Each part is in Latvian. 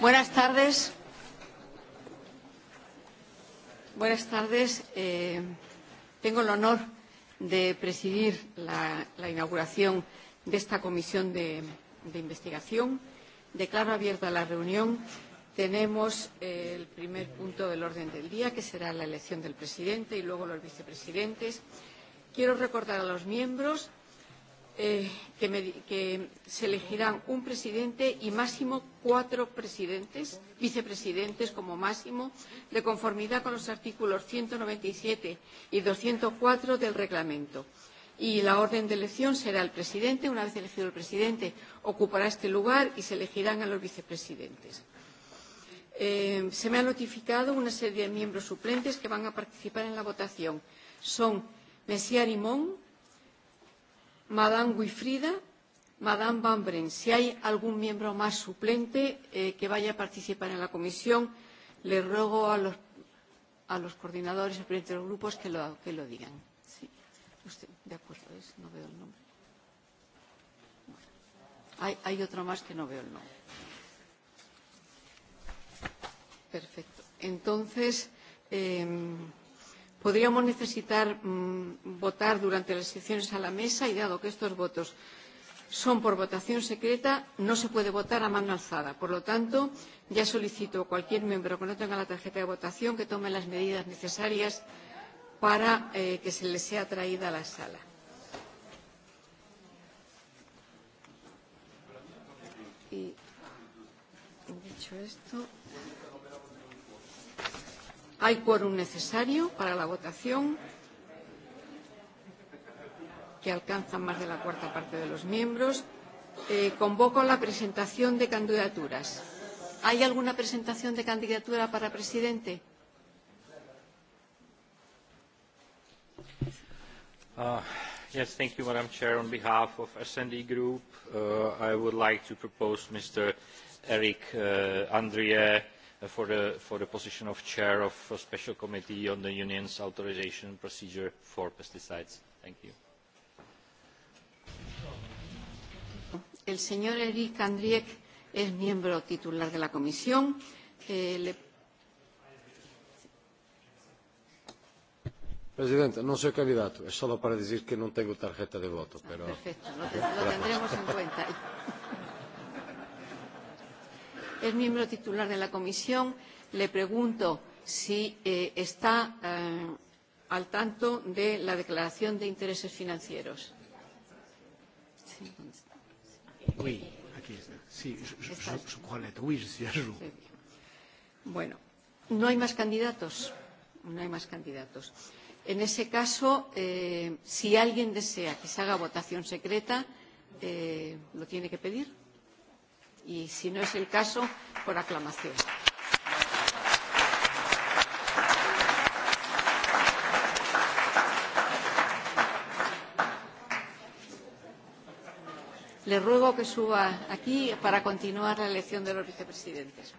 Buenas tardes. Buenas tardes. Eh, tengo el honor de presidir la, la inauguración de esta comisión de, de investigación. Declaro abierta la reunión. Tenemos eh, el primer punto del orden del día, que será la elección del presidente y luego los vicepresidentes. Quiero recordar a los miembros eh, que, me, que se elegirán un presidente y máximo cuatro presidentes, vicepresidentes como máximo, de conformidad con los artículos 197 y 204 del reglamento. Y la orden de elección será el presidente. Una vez elegido el presidente, ocupará este lugar y se elegirán a los vicepresidentes. Eh, se me ha notificado una serie de miembros suplentes que van a participar en la votación. Son Messier Imón, Madame Wifrida, Madame Van Bren. Si hay algún miembro más suplente eh, que vaya a participar en la comisión, le ruego a los, a los coordinadores y presidentes de los grupos que lo, que lo digan. Sí. Usted, de acuerdo, es, no veo el nombre. Bueno. Hay, hay otro más que no veo el nombre. Perfecto. Entonces, eh, podríamos necesitar mmm, votar durante las sesiones a la mesa y dado que estos votos son por votación secreta, no se puede votar a mano alzada. Por lo tanto, ya solicito a cualquier miembro que no tenga la tarjeta de votación que tome las medidas necesarias para eh, que se le sea traída a la sala. Y dicho esto. Hay quórum necesario para la votación, que alcanza más de la cuarta parte de los miembros. Eh, convoco la presentación de candidaturas. ¿Hay alguna presentación de candidatura para presidente? Uh, yes, thank you, Madam Chair. On behalf of S&D Group, uh, I would like to propose Mr. Eric uh, Andrieu Uh, for the, for the position of chair of a special committee on the union's authorization procedure for pesticides. Thank you. El señor Eric Andriek es miembro titular de la comisión. Eh, le... Presidente, non soy candidato, es solo para decir que non tengo tarjeta de voto, ah, pero... Ah, perfecto, lo, lo tendremos en cuenta es miembro titular de la comisión, le pregunto si eh, está eh, al tanto de la declaración de intereses financieros. Sí, oui, aquí está. Sí, je, je, je crois l'être. Oui, je suis à jour. Bueno, no hay más candidatos. No hay más candidatos. En ese caso, eh, si alguien desea que se haga votación secreta, eh, lo tiene que pedir y, si no es el caso, por aclamación. Le ruego que suba aquí para continuar la elección de los vicepresidentes.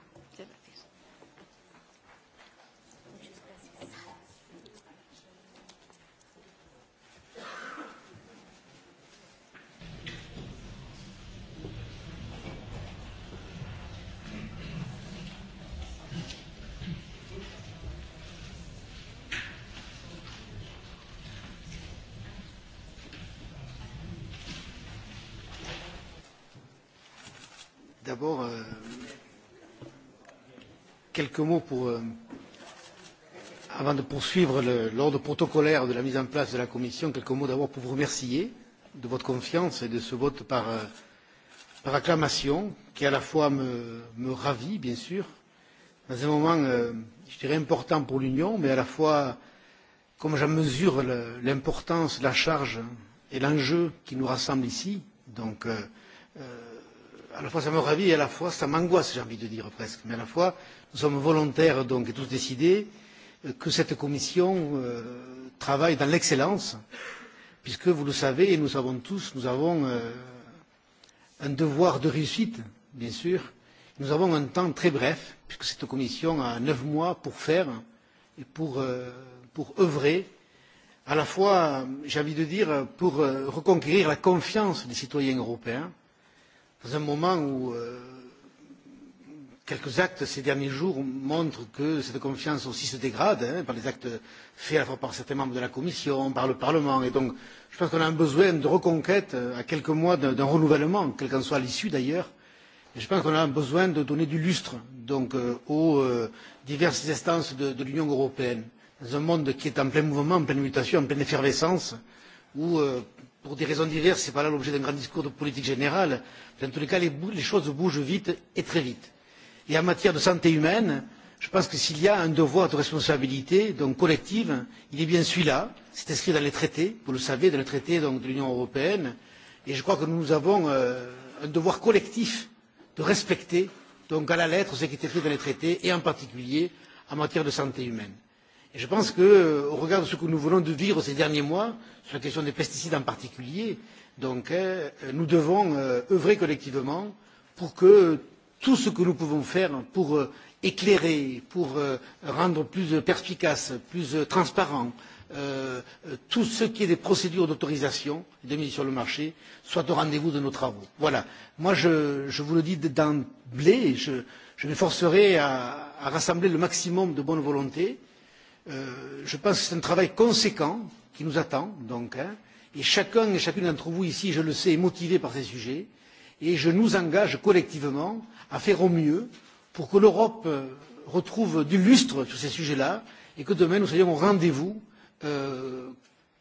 quelques mots pour, euh, avant de poursuivre l'ordre protocolaire de la mise en place de la commission, quelques mots d'abord pour vous remercier de votre confiance et de ce vote par, euh, par acclamation qui à la fois me, me ravit, bien sûr, dans un moment, euh, je dirais, important pour l'Union, mais à la fois, comme j'en mesure l'importance, la charge et l'enjeu qui nous rassemble ici, donc euh, euh, à la fois ça me ravit et à la fois ça m'angoisse, j'ai envie de dire presque. Mais à la fois, nous sommes volontaires donc et tous décidés euh, que cette commission euh, travaille dans l'excellence, puisque vous le savez et nous savons tous, nous avons euh, un devoir de réussite, bien sûr. Nous avons un temps très bref, puisque cette commission a neuf mois pour faire et pour, euh, pour œuvrer à la fois, j'ai envie de dire, pour euh, reconquérir la confiance des citoyens européens, dans un moment où euh, quelques actes ces derniers jours montrent que cette confiance aussi se dégrade hein, par les actes faits à la fois par certains membres de la Commission, par le Parlement. Et donc, je pense qu'on a un besoin de reconquête euh, à quelques mois d'un renouvellement, quelle qu'en soit l'issue d'ailleurs. Et je pense qu'on a besoin de donner du lustre donc, euh, aux euh, diverses instances de, de l'Union européenne, dans un monde qui est en plein mouvement, en pleine mutation, en pleine effervescence, où euh, pour des raisons diverses, ce n'est pas là l'objet d'un grand discours de politique générale, mais dans tous les cas, les, les choses bougent vite et très vite. Et en matière de santé humaine, je pense que s'il y a un devoir de responsabilité donc collective, il est bien celui-là. C'est inscrit dans les traités, vous le savez, dans les traités donc, de l'Union européenne. Et je crois que nous avons euh, un devoir collectif de respecter donc, à la lettre ce qui est écrit dans les traités, et en particulier en matière de santé humaine. Et je pense qu'au euh, regard de ce que nous venons de vivre ces derniers mois, sur la question des pesticides en particulier, donc, euh, nous devons euh, œuvrer collectivement pour que euh, tout ce que nous pouvons faire pour euh, éclairer, pour euh, rendre plus perspicace, plus euh, transparent, euh, euh tout ce qui est des procédures d'autorisation de mise sur le marché soit au rendez-vous de nos travaux. Voilà. Moi, je, je vous le dis d'emblée, je, je m'efforcerai à, à rassembler le maximum de bonne volonté euh, Euh, je pense que c'est un travail conséquent qui nous attend, donc, hein, et chacun et chacune d'entre vous ici, je le sais, est motivé par ces sujets, et je nous engage collectivement à faire au mieux pour que l'Europe euh, retrouve du lustre sur ces sujets-là et que demain nous soyons au rendez-vous euh,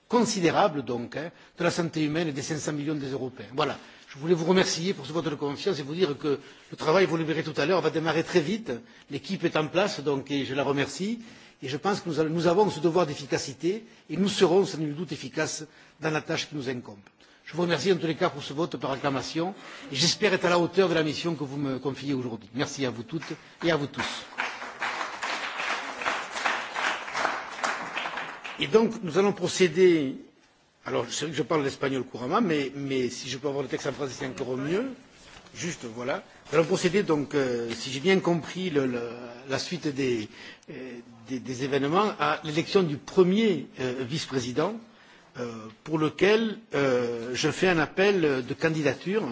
considérable donc hein, de la santé humaine et des 500 millions des Européens. Voilà. Je voulais vous remercier pour ce vote de confiance et vous dire que le travail, vous le verrez tout à l'heure, va démarrer très vite. L'équipe est en place donc, et je la remercie. Et je pense que nous, nous avons ce devoir d'efficacité et nous serons sans nul doute efficaces dans la tâche qui nous incombe. Je vous remercie en tous les cas pour ce vote par acclamation et j'espère être à la hauteur de la mission que vous me confiez aujourd'hui. Merci à vous toutes et à vous tous. Et donc, nous allons procéder. Alors, je, je parle l'espagnol couramment, mais, mais si je peux avoir le texte en français, c'est encore mieux juste, voilà. Nous allons procéder donc, euh, si j'ai bien compris le, le, la suite des, euh, des, des événements, à l'élection du premier euh, vice-président, euh, pour lequel euh, je fais un appel de candidature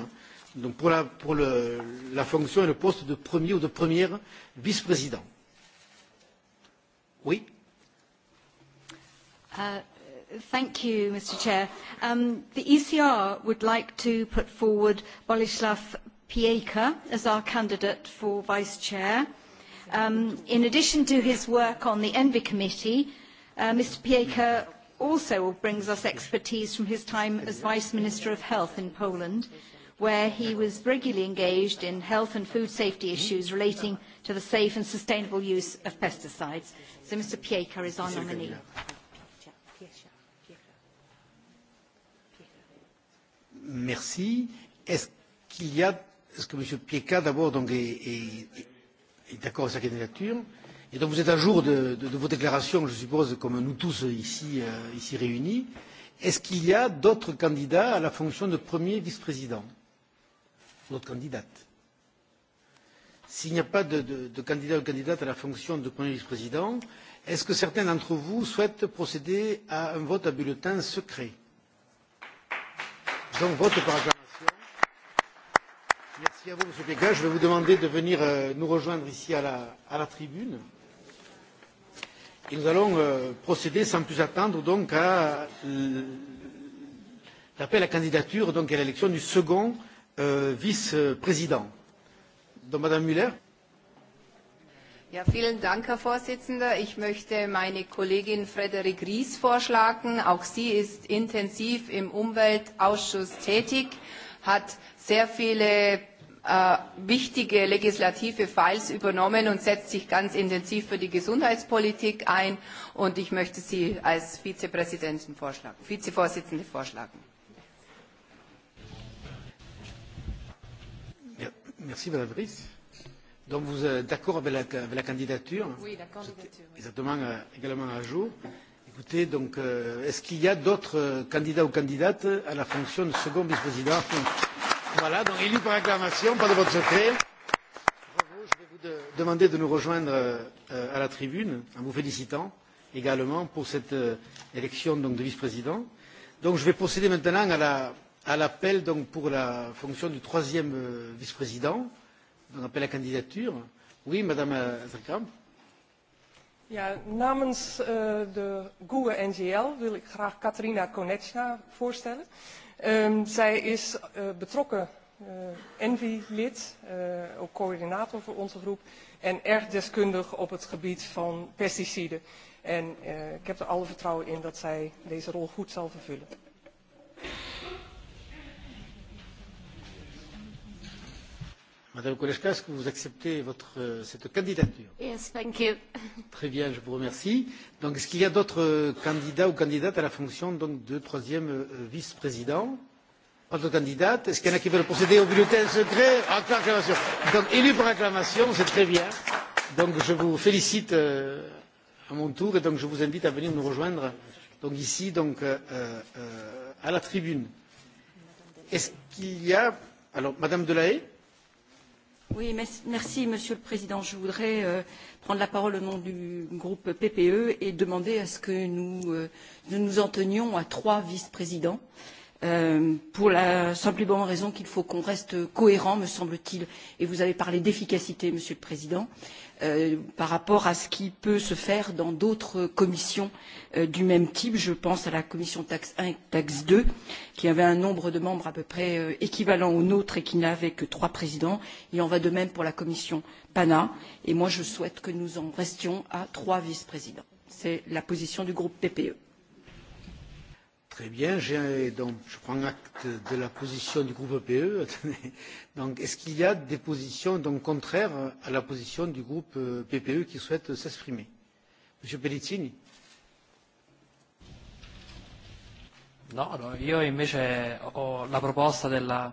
donc pour, la, pour le, la fonction et le poste de premier ou de première vice-président. Oui euh... Thank you, Mr. Chair. Um, the ECR would like to put forward Boleslav Pieka as our candidate for Vice Chair. Um, in addition to his work on the Envy Committee, uh, Mr. Pieka also brings us expertise from his time as Vice Minister of Health in Poland, where he was regularly engaged in health and food safety issues relating to the safe and sustainable use of pesticides. So Mr. Pieka is our nominee. Yeah. Merci. Est-ce qu'il y a, est-ce que M. Pieka d'abord donc est, est, est d'accord avec sa candidature Et donc vous êtes à jour de, de, de vos déclarations, je suppose, comme nous tous ici, euh, ici réunis. Est-ce qu'il y a d'autres candidats à la fonction de premier vice-président D'autres candidates S'il n'y a pas de, de, de candidat ou candidate à la fonction de premier vice-président, est-ce que certains d'entre vous souhaitent procéder à un vote à bulletin secret Donc, vote par acclamation. Merci à vous, Monsieur Pékin. Je vais vous demander de venir euh, nous rejoindre ici à la, à la tribune. Et nous allons euh, procéder sans plus attendre donc à euh, l'appel à candidature donc à l'élection du second euh, vice-président. Donc, Madame Muller. Ja, vielen Dank, Herr Vorsitzender. Ich möchte meine Kollegin Frederik Ries vorschlagen. Auch sie ist intensiv im Umweltausschuss tätig, hat sehr viele äh, wichtige legislative Files übernommen und setzt sich ganz intensiv für die Gesundheitspolitik ein. Und ich möchte Sie als Vizepräsidentin vorschlagen, Vizevorsitzende vorschlagen. Merci, Madame Ries. Donc vous êtes d'accord avec la, avec la candidature Oui, la candidature. Oui. Exactement, euh, également à jour. Écoutez, donc, euh, est-ce qu'il y a d'autres euh, candidats ou candidates à la fonction de second vice-président Voilà, donc élu par acclamation, pas de vote secret. Bravo, je vais vous de, demander de nous rejoindre euh, à la tribune en vous félicitant également pour cette euh, élection donc, de vice-président. Donc je vais procéder maintenant à l'appel la, à donc, pour la fonction du troisième euh, vice-président. Euh, dan appel à candidature. Oui, madame euh, Azerkamp. Ja, namens uh, de GUE NGL wil ik graag Katrina Konechna voorstellen. Um, zij is uh, betrokken uh, eh, Envi-lid, uh, ook coördinator voor onze groep, en erg deskundig op het gebied van pesticiden. En uh, ik heb er alle vertrouwen in dat zij deze rol goed zal vervullen. Madame Koleschka, est-ce que vous acceptez votre, euh, cette candidature Yes, thank you. Très bien, je vous remercie. Donc, est-ce qu'il y a d'autres euh, candidats ou candidates à la fonction donc, de troisième euh, vice-président Pas de candidate. Est-ce qu'il y en a qui veulent procéder au bulletin secret En acclamation. Donc, élu par acclamation, c'est très bien. Donc, je vous félicite euh, à mon tour et donc je vous invite à venir nous rejoindre donc, ici, donc, euh, euh, à la tribune. Est-ce qu'il y a... Alors, Madame Delahaye Oui, merci Monsieur le Président. Je voudrais euh, prendre la parole au nom du groupe PPE et demander à ce que nous, euh, nous nous en tenions à trois vice-présidents. Euh, Euh, pour la simple et bonne raison qu'il faut qu'on reste cohérent, me semble-t-il, et vous avez parlé d'efficacité, Monsieur le Président, euh, par rapport à ce qui peut se faire dans d'autres commissions euh, du même type. Je pense à la commission taxe 1 et taxe 2, qui avait un nombre de membres à peu près euh, équivalent au nôtre et qui n'avait que trois présidents. Il en va de même pour la commission PANA, et moi je souhaite que nous en restions à trois vice-présidents. C'est la position du groupe PPE Très bien, donc, je prends acte de la position du groupe PE. donc, est-ce qu'il y a des positions donc, contraires à la position du groupe euh, PPE qui souhaite s'exprimer Monsieur Pellicini No, allora io invece ho la proposta della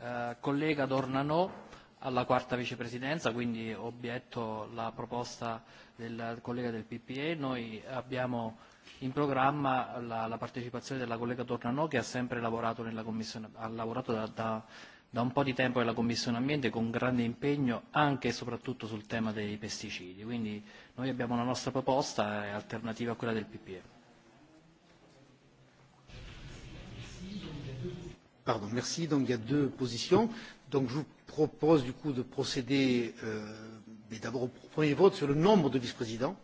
eh, collega Dornano alla quarta vicepresidenza, quindi obietto la proposta del collega del PPE. Noi abbiamo in programma la, la partecipazione della collega Tornanò che ha sempre lavorato, nella commissione, ha lavorato da, da, da un po' di tempo nella Commissione Ambiente con grande impegno anche e soprattutto sul tema dei pesticidi. Quindi noi abbiamo una nostra proposta eh, alternativa a quella del PPE. Pardon, merci. Donc il y a deux positions. Donc je vous propose du coup de procéder euh, d'abord au premier vote sur le nombre de vice-présidents,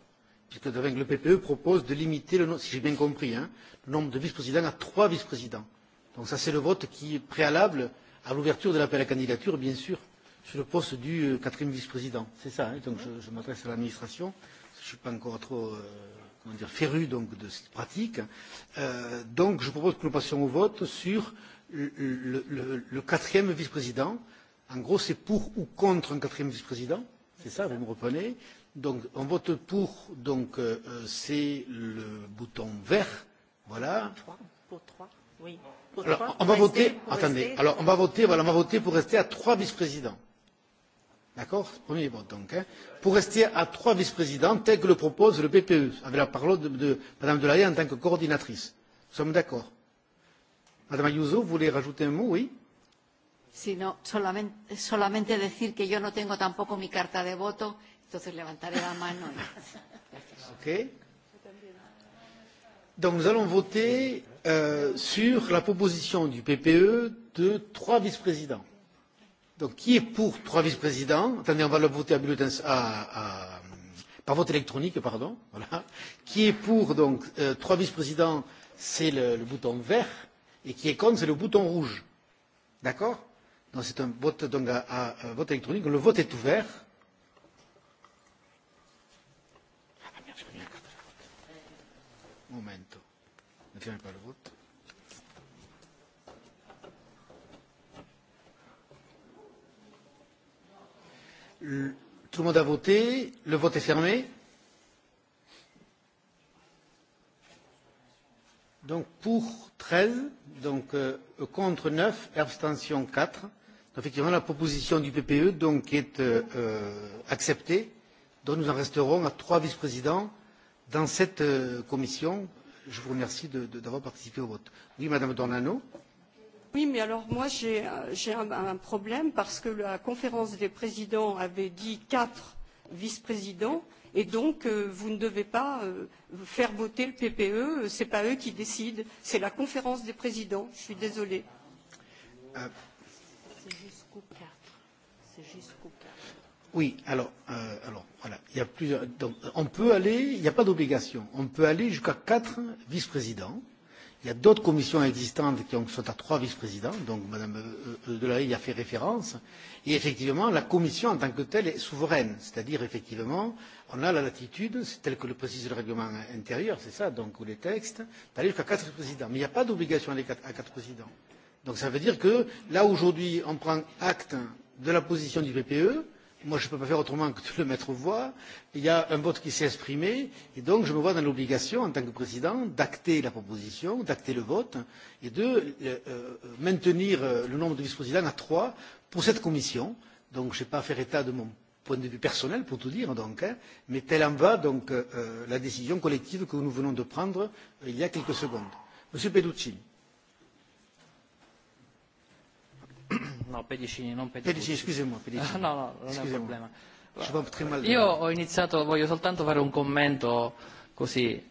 puisque le PPE propose de limiter, le, si j'ai bien compris, hein, le nombre de vice-présidents à trois vice-présidents. Donc ça c'est le vote qui est préalable à l'ouverture de l'appel à candidature, bien sûr, sur le poste du euh, quatrième vice-président. C'est ça, hein donc je, je m'adresse à l'administration, je ne suis pas encore trop... Euh, comment dire, férus donc, de cette pratique. Euh, donc je propose que nous passions au vote sur le, le, le, le quatrième vice-président. En gros, c'est pour ou contre un quatrième vice-président. C'est ça, vous me reprenez. Donc on vote pour, donc euh, euh c'est le bouton vert. Voilà. Pour trois. Pour trois. Oui. Pour alors, trois, on va voter. Rester, attendez. Rester. Alors on va voter. Voilà, on va voter pour rester à trois vice-présidents. D'accord Premier vote donc. Hein, pour rester à trois vice-présidents tel que le propose le PPE, avec la parole de, de Mme Delahaye en tant que coordinatrice. Nous sommes d'accord Madame Ayuso, vous voulez rajouter un mot, oui Sí, no, solamente, solamente decir que yo no tengo tampoco mi carta de voto, entonces levantaré la mano. Y... Ok. Donc nous allons voter euh, sur la proposition du PPE de trois vice-présidents. Donc, qui est pour trois vice-présidents Attendez, on va le voter à bulletin, à, à, par vote électronique, pardon. Voilà. Qui est pour donc euh, trois vice-présidents C'est le, le bouton vert. Et qui est contre C'est le bouton rouge. D'accord Donc, c'est un vote, donc, à, à, à vote électronique. Le vote est ouvert. Ah merde, j'ai pas mis la carte de vote. Momento. Ne fermez pas le vote. Tout le monde a voté. Le vote est fermé. Donc pour 13, donc euh, contre 9, abstention 4. Donc effectivement, la proposition du PPE donc, est euh, euh, acceptée. Donc nous en resterons à trois vice-présidents dans cette euh, commission. Je vous remercie d'avoir participé au vote. Oui, Madame Dornano. Euh, Oui, mais alors moi euh, j'ai un, un problème parce que la conférence des présidents avait dit quatre vice-présidents et donc euh, vous ne devez pas euh, faire voter le PPE, ce n'est pas eux qui décident, c'est la conférence des présidents, je suis désolée. Euh, c'est jusqu'au 4. C'est jusqu'au 4. Oui, alors, euh, alors voilà, il y a plusieurs. Donc, on peut aller, il n'y a pas d'obligation, on peut aller jusqu'à quatre vice-présidents. Euh, Il y a d'autres commissions existantes qui ont, sont à trois vice-présidents, donc Mme euh, euh, Delahaye y a fait référence. Et effectivement, la commission en tant que telle est souveraine, c'est-à-dire effectivement, on a la latitude, c'est tel que le précise le règlement intérieur, c'est ça, donc, ou les textes, d'aller jusqu'à quatre présidents. Mais il n'y a pas d'obligation à, à quatre présidents. Donc ça veut dire que là, aujourd'hui, on prend acte de la position du PPE, moi je ne peux pas faire autrement que de le mettre aux voix. Il y a un vote qui s'est exprimé et donc je me vois dans l'obligation, en tant que président, d'acter la proposition, d'acter le vote et de euh, euh maintenir euh, le nombre de vice-présidents à trois pour cette commission. Donc je n'ai pas à faire état de mon point de vue personnel pour tout dire, donc, hein, mais telle en va donc euh, euh, la décision collective que nous venons de prendre euh, il y a quelques secondes. Monsieur Pellucci. no, Pedicini, non Pedicini. Pedicini, scusami, Pedicini. No, no, non scusami. è un problema. Ci va potremmo Io ho iniziato, voglio soltanto fare un commento così.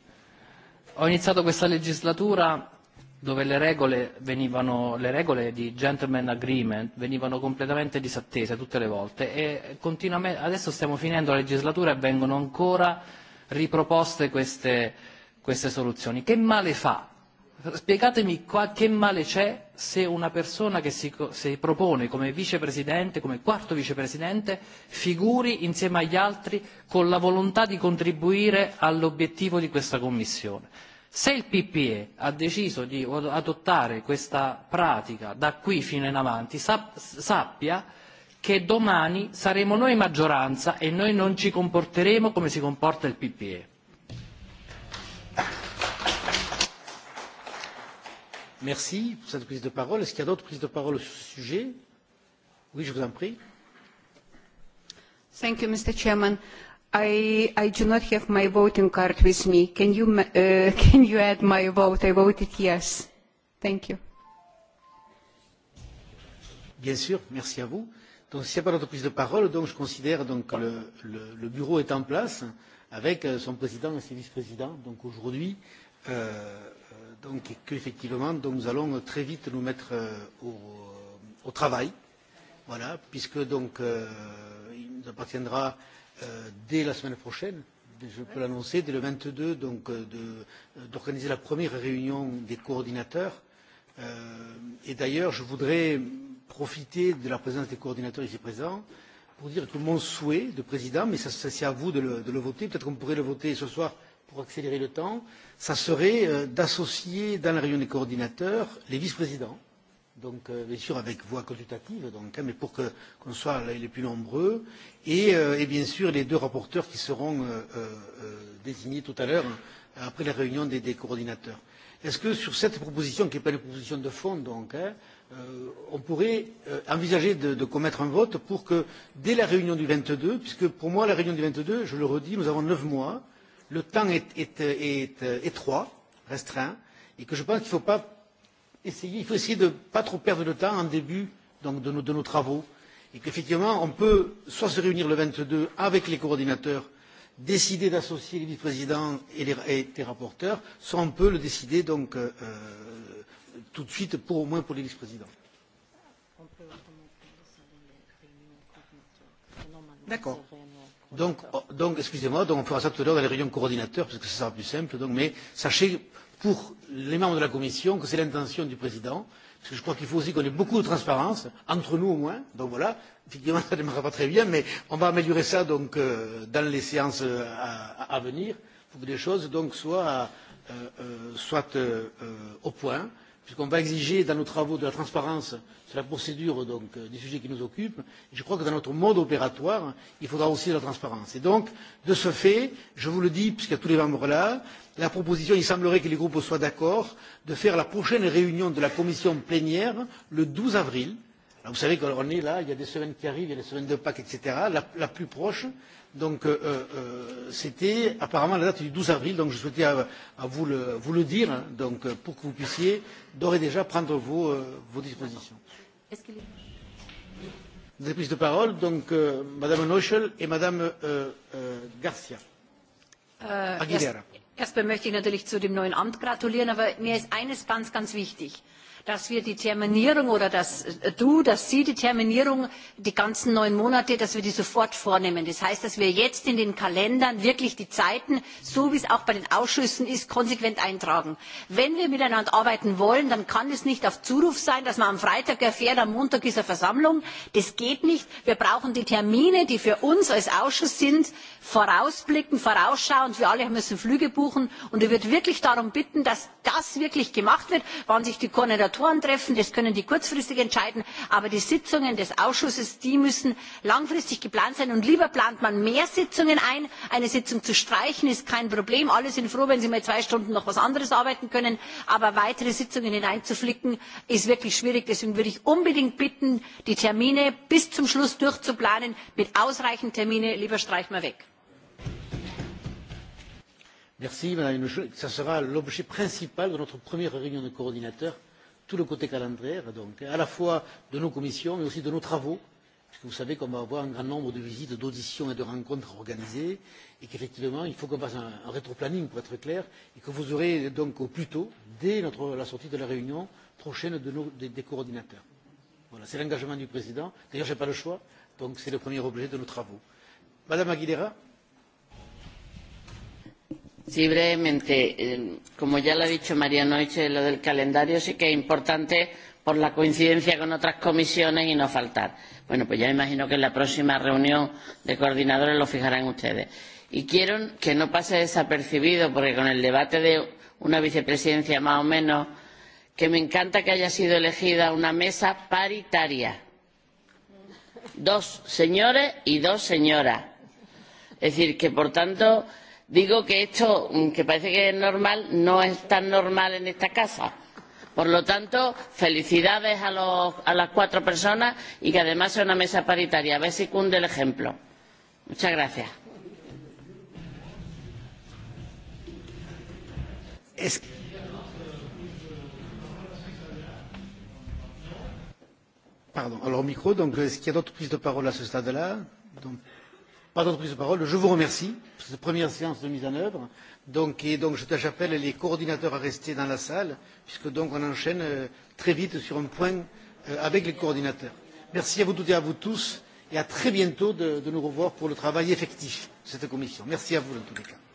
Ho iniziato questa legislatura dove le regole, venivano, le regole di gentleman agreement venivano completamente disattese tutte le volte e continuamente, adesso stiamo finendo la legislatura e vengono ancora riproposte queste, queste soluzioni. Che male fa Spiegatemi qua, che male c'è se una persona che si, si propone come vicepresidente, come quarto vicepresidente, figuri insieme agli altri con la volontà di contribuire all'obiettivo di questa Commissione. Se il PPE ha deciso di adottare questa pratica da qui fino in avanti, sappia che domani saremo noi maggioranza e noi non ci comporteremo come si comporta il PPE Merci pour cette prise de parole. Est-ce qu'il y a d'autres prises de parole sur ce sujet Oui, je vous en prie. Thank you, Mr. Chairman. I, I do not have my voting card with me. Can you, uh, can you add my vote? I voted yes. Thank you. Bien sûr, merci à vous. Donc, s'il n'y a pas d'autre prise de parole, donc, je considère donc, que le, le, le bureau est en place avec euh, son président et ses vice-présidents. Donc, aujourd'hui, euh, Euh, donc, et qu'effectivement, donc, nous allons très vite nous mettre euh, au, euh, au travail, voilà, puisque donc euh, il nous appartiendra euh, dès la semaine prochaine, je peux l'annoncer, dès le 22, donc, euh, de, d'organiser la première réunion des coordinateurs. Euh, et d'ailleurs, je voudrais profiter de la présence des coordinateurs ici présents pour dire que mon souhait de président, mais ça, ça c'est à vous de le, de le voter, peut-être qu'on pourrait le voter ce soir euh, pour accélérer le temps, ça serait euh, d'associer dans la réunion des coordinateurs les vice-présidents, donc euh, bien sûr avec voix consultative, donc, hein, mais pour que, qu'on soit là, les plus nombreux, et, euh, et bien sûr les deux rapporteurs qui seront euh, euh, euh désignés tout à l'heure après la réunion des, des coordinateurs. Est-ce que sur cette proposition, qui n'est pas une proposition de fond, donc, hein, euh, on pourrait euh, envisager de, de commettre un vote pour que, dès la réunion du 22, puisque pour moi, la réunion du 22, je le redis, nous avons neuf mois, euh, le temps est, est, est, est euh, étroit, restreint, et que je pense qu'il ne faut pas essayer, il faut essayer de ne pas trop perdre de temps en début donc, de, nos, de nos travaux, et qu'effectivement, on peut soit se réunir le 22 avec les coordinateurs, décider d'associer les vice-présidents et les, et les rapporteurs, soit on peut le décider donc, euh, euh, tout de suite, pour, au moins pour les vice-présidents. D'accord. Donc, oh, donc excusez-moi, donc on fera ça tout à l'heure dans les réunions coordinateurs, parce que ce sera plus simple. Donc, mais sachez, pour les membres de la Commission, que c'est l'intention du Président, parce que je crois qu'il faut aussi qu'on ait beaucoup de transparence, entre nous au moins. Donc voilà, effectivement, ça ne démarre pas très bien, mais on va améliorer ça donc, euh, dans les séances euh, à, à venir, pour que les choses donc, soient, euh, euh, soient euh, euh, au point. Euh, puisqu'on va exiger dans nos travaux de la transparence sur la procédure donc, euh, des sujets qui nous occupent. Je crois que dans notre mode opératoire, il faudra aussi de la transparence. Et donc, de ce fait, je vous le dis, puisqu'il y a tous les membres là, la proposition, il semblerait que les groupes soient d'accord, de faire la prochaine réunion de la commission plénière le 12 avril, Alors vous savez qu'on est là, il y a des semaines qui arrivent, il y a des semaines de Pâques, etc. La, la plus proche, donc euh, euh, euh c'était apparemment la date du 12 avril, donc je souhaitais à, à vous, le, vous le dire, hein, donc euh, pour que vous puissiez d'ores et déjà prendre vos, euh, vos dispositions. Est-ce que les... Des prises de parole, donc euh, Madame Nochel et Madame euh, euh, Garcia. Euh, Aguilera. Yes. Erstmal möchte ich natürlich zu dem neuen Amt gratulieren, aber mir ist eines ganz, ganz wichtig dass wir die Terminierung oder dass äh, du, dass Sie die Terminierung, die ganzen neun Monate, dass wir die sofort vornehmen. Das heißt, dass wir jetzt in den Kalendern wirklich die Zeiten, so wie es auch bei den Ausschüssen ist, konsequent eintragen. Wenn wir miteinander arbeiten wollen, dann kann es nicht auf Zuruf sein, dass man am Freitag erfährt, am Montag ist eine Versammlung. Das geht nicht. Wir brauchen die Termine, die für uns als Ausschuss sind, vorausblicken, vorausschauen. Wir alle müssen Flüge buchen suchen. Und ich er würde wirklich darum bitten, dass das wirklich gemacht wird, wann sich die Koordinatoren treffen. Das können die kurzfristig entscheiden. Aber die Sitzungen des Ausschusses, die müssen langfristig geplant sein. Und lieber plant man mehr Sitzungen ein. Eine Sitzung zu streichen ist kein Problem. Alle sind froh, wenn sie mal zwei Stunden noch was anderes arbeiten können. Aber weitere Sitzungen hineinzuflicken, ist wirklich schwierig. Deswegen würde ich unbedingt bitten, die Termine bis zum Schluss durchzuplanen mit ausreichend Termine. Lieber streich mal weg. Merci, Madame Hinochou. Ça sera l'objet principal de notre première réunion de coordinateurs, tout le côté calendaire, donc, à la fois de nos commissions, mais aussi de nos travaux, puisque vous savez qu'on va avoir un grand nombre de visites, d'auditions et de rencontres organisées, et qu'effectivement, il faut qu'on fasse un, un rétro-planning, pour être clair, et que vous aurez donc au plus tôt, dès notre, la sortie de la réunion prochaine de nos, des, des coordinateurs. Voilà, c'est l'engagement du président. D'ailleurs, je n'ai pas le choix, donc c'est le premier objet de nos travaux. Madame Aguilera Sí, brevemente. Eh, como ya lo ha dicho María Noiche, lo del calendario sí que es importante por la coincidencia con otras comisiones y no faltar. Bueno, pues ya imagino que en la próxima reunión de coordinadores lo fijarán ustedes. Y quiero que no pase desapercibido, porque con el debate de una vicepresidencia más o menos, que me encanta que haya sido elegida una mesa paritaria. Dos señores y dos señoras. Es decir, que por tanto digo que esto mm, que parece que es normal no es tan normal en esta casa. Por lo tanto, felicidades a, los, a las cuatro personas y que además sea una mesa paritaria. A ver si cunde el ejemplo. Muchas gracias. Es... Pardon. Alors, au micro, donc, est-ce qu'il y a d'autres prises de parole à ce stade-là donc pas d'autres prises de parole. Je vous remercie pour cette première séance de mise en œuvre. Donc, et donc, j'appelle les coordinateurs à rester dans la salle, puisque donc on enchaîne euh, très vite sur un point euh, avec les coordinateurs. Merci à vous toutes et à vous tous, et à très bientôt de, de nous revoir pour le travail effectif de cette commission. Merci à vous, dans tous les cas.